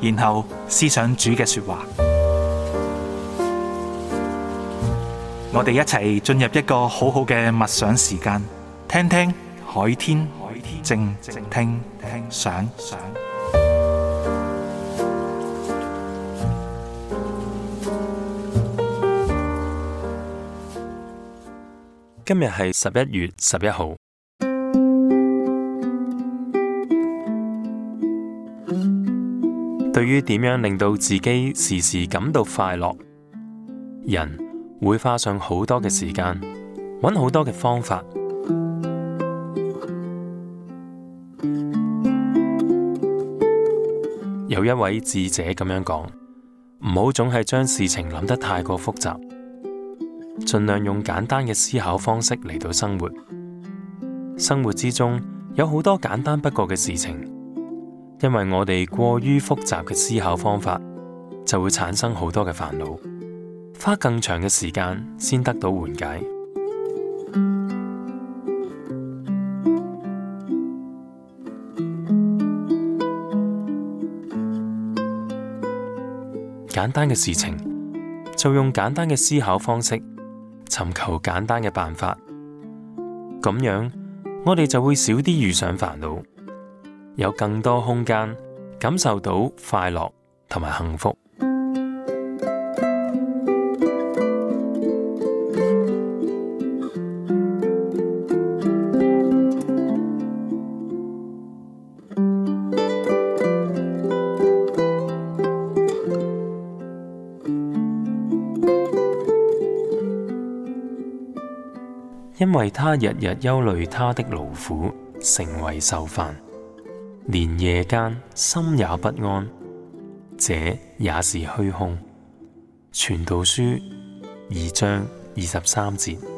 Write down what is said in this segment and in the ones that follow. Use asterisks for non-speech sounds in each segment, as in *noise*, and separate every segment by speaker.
Speaker 1: 然後思想主嘅說話，我哋一齊進入一個好好嘅默想時間，聽聽海天靜聽想。
Speaker 2: 今日係十一月十一號。對於點樣令到自己時時感到快樂，人會花上好多嘅時間，揾好多嘅方法。 *music* 有一位智者咁樣講：唔好總係將事情諗得太過複雜，盡量用簡單嘅思考方式嚟到生活。生活之中有好多簡單不過嘅事情。因為我哋過於複雜嘅思考方法，就會產生好多嘅煩惱，花更長嘅時間先得到緩解。簡單嘅事情，就用簡單嘅思考方式，尋求簡單嘅辦法，咁樣我哋就會少啲遇上煩惱。有更多空間感受到快樂同埋幸福，因為他日日憂慮他的勞苦，成為愁煩。連夜間心也不安，這也是虛空。傳道書二章二十三節。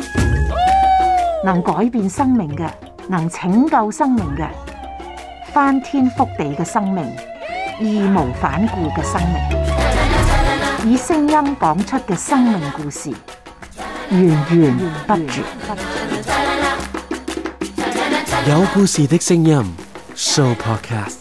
Speaker 2: 能改變生命嘅，能拯救生命嘅，翻天覆地嘅生命，義無反顧嘅生命，以聲音講出嘅生命故事，
Speaker 1: 源源不絕。有故事的聲音 Sooo Podcast。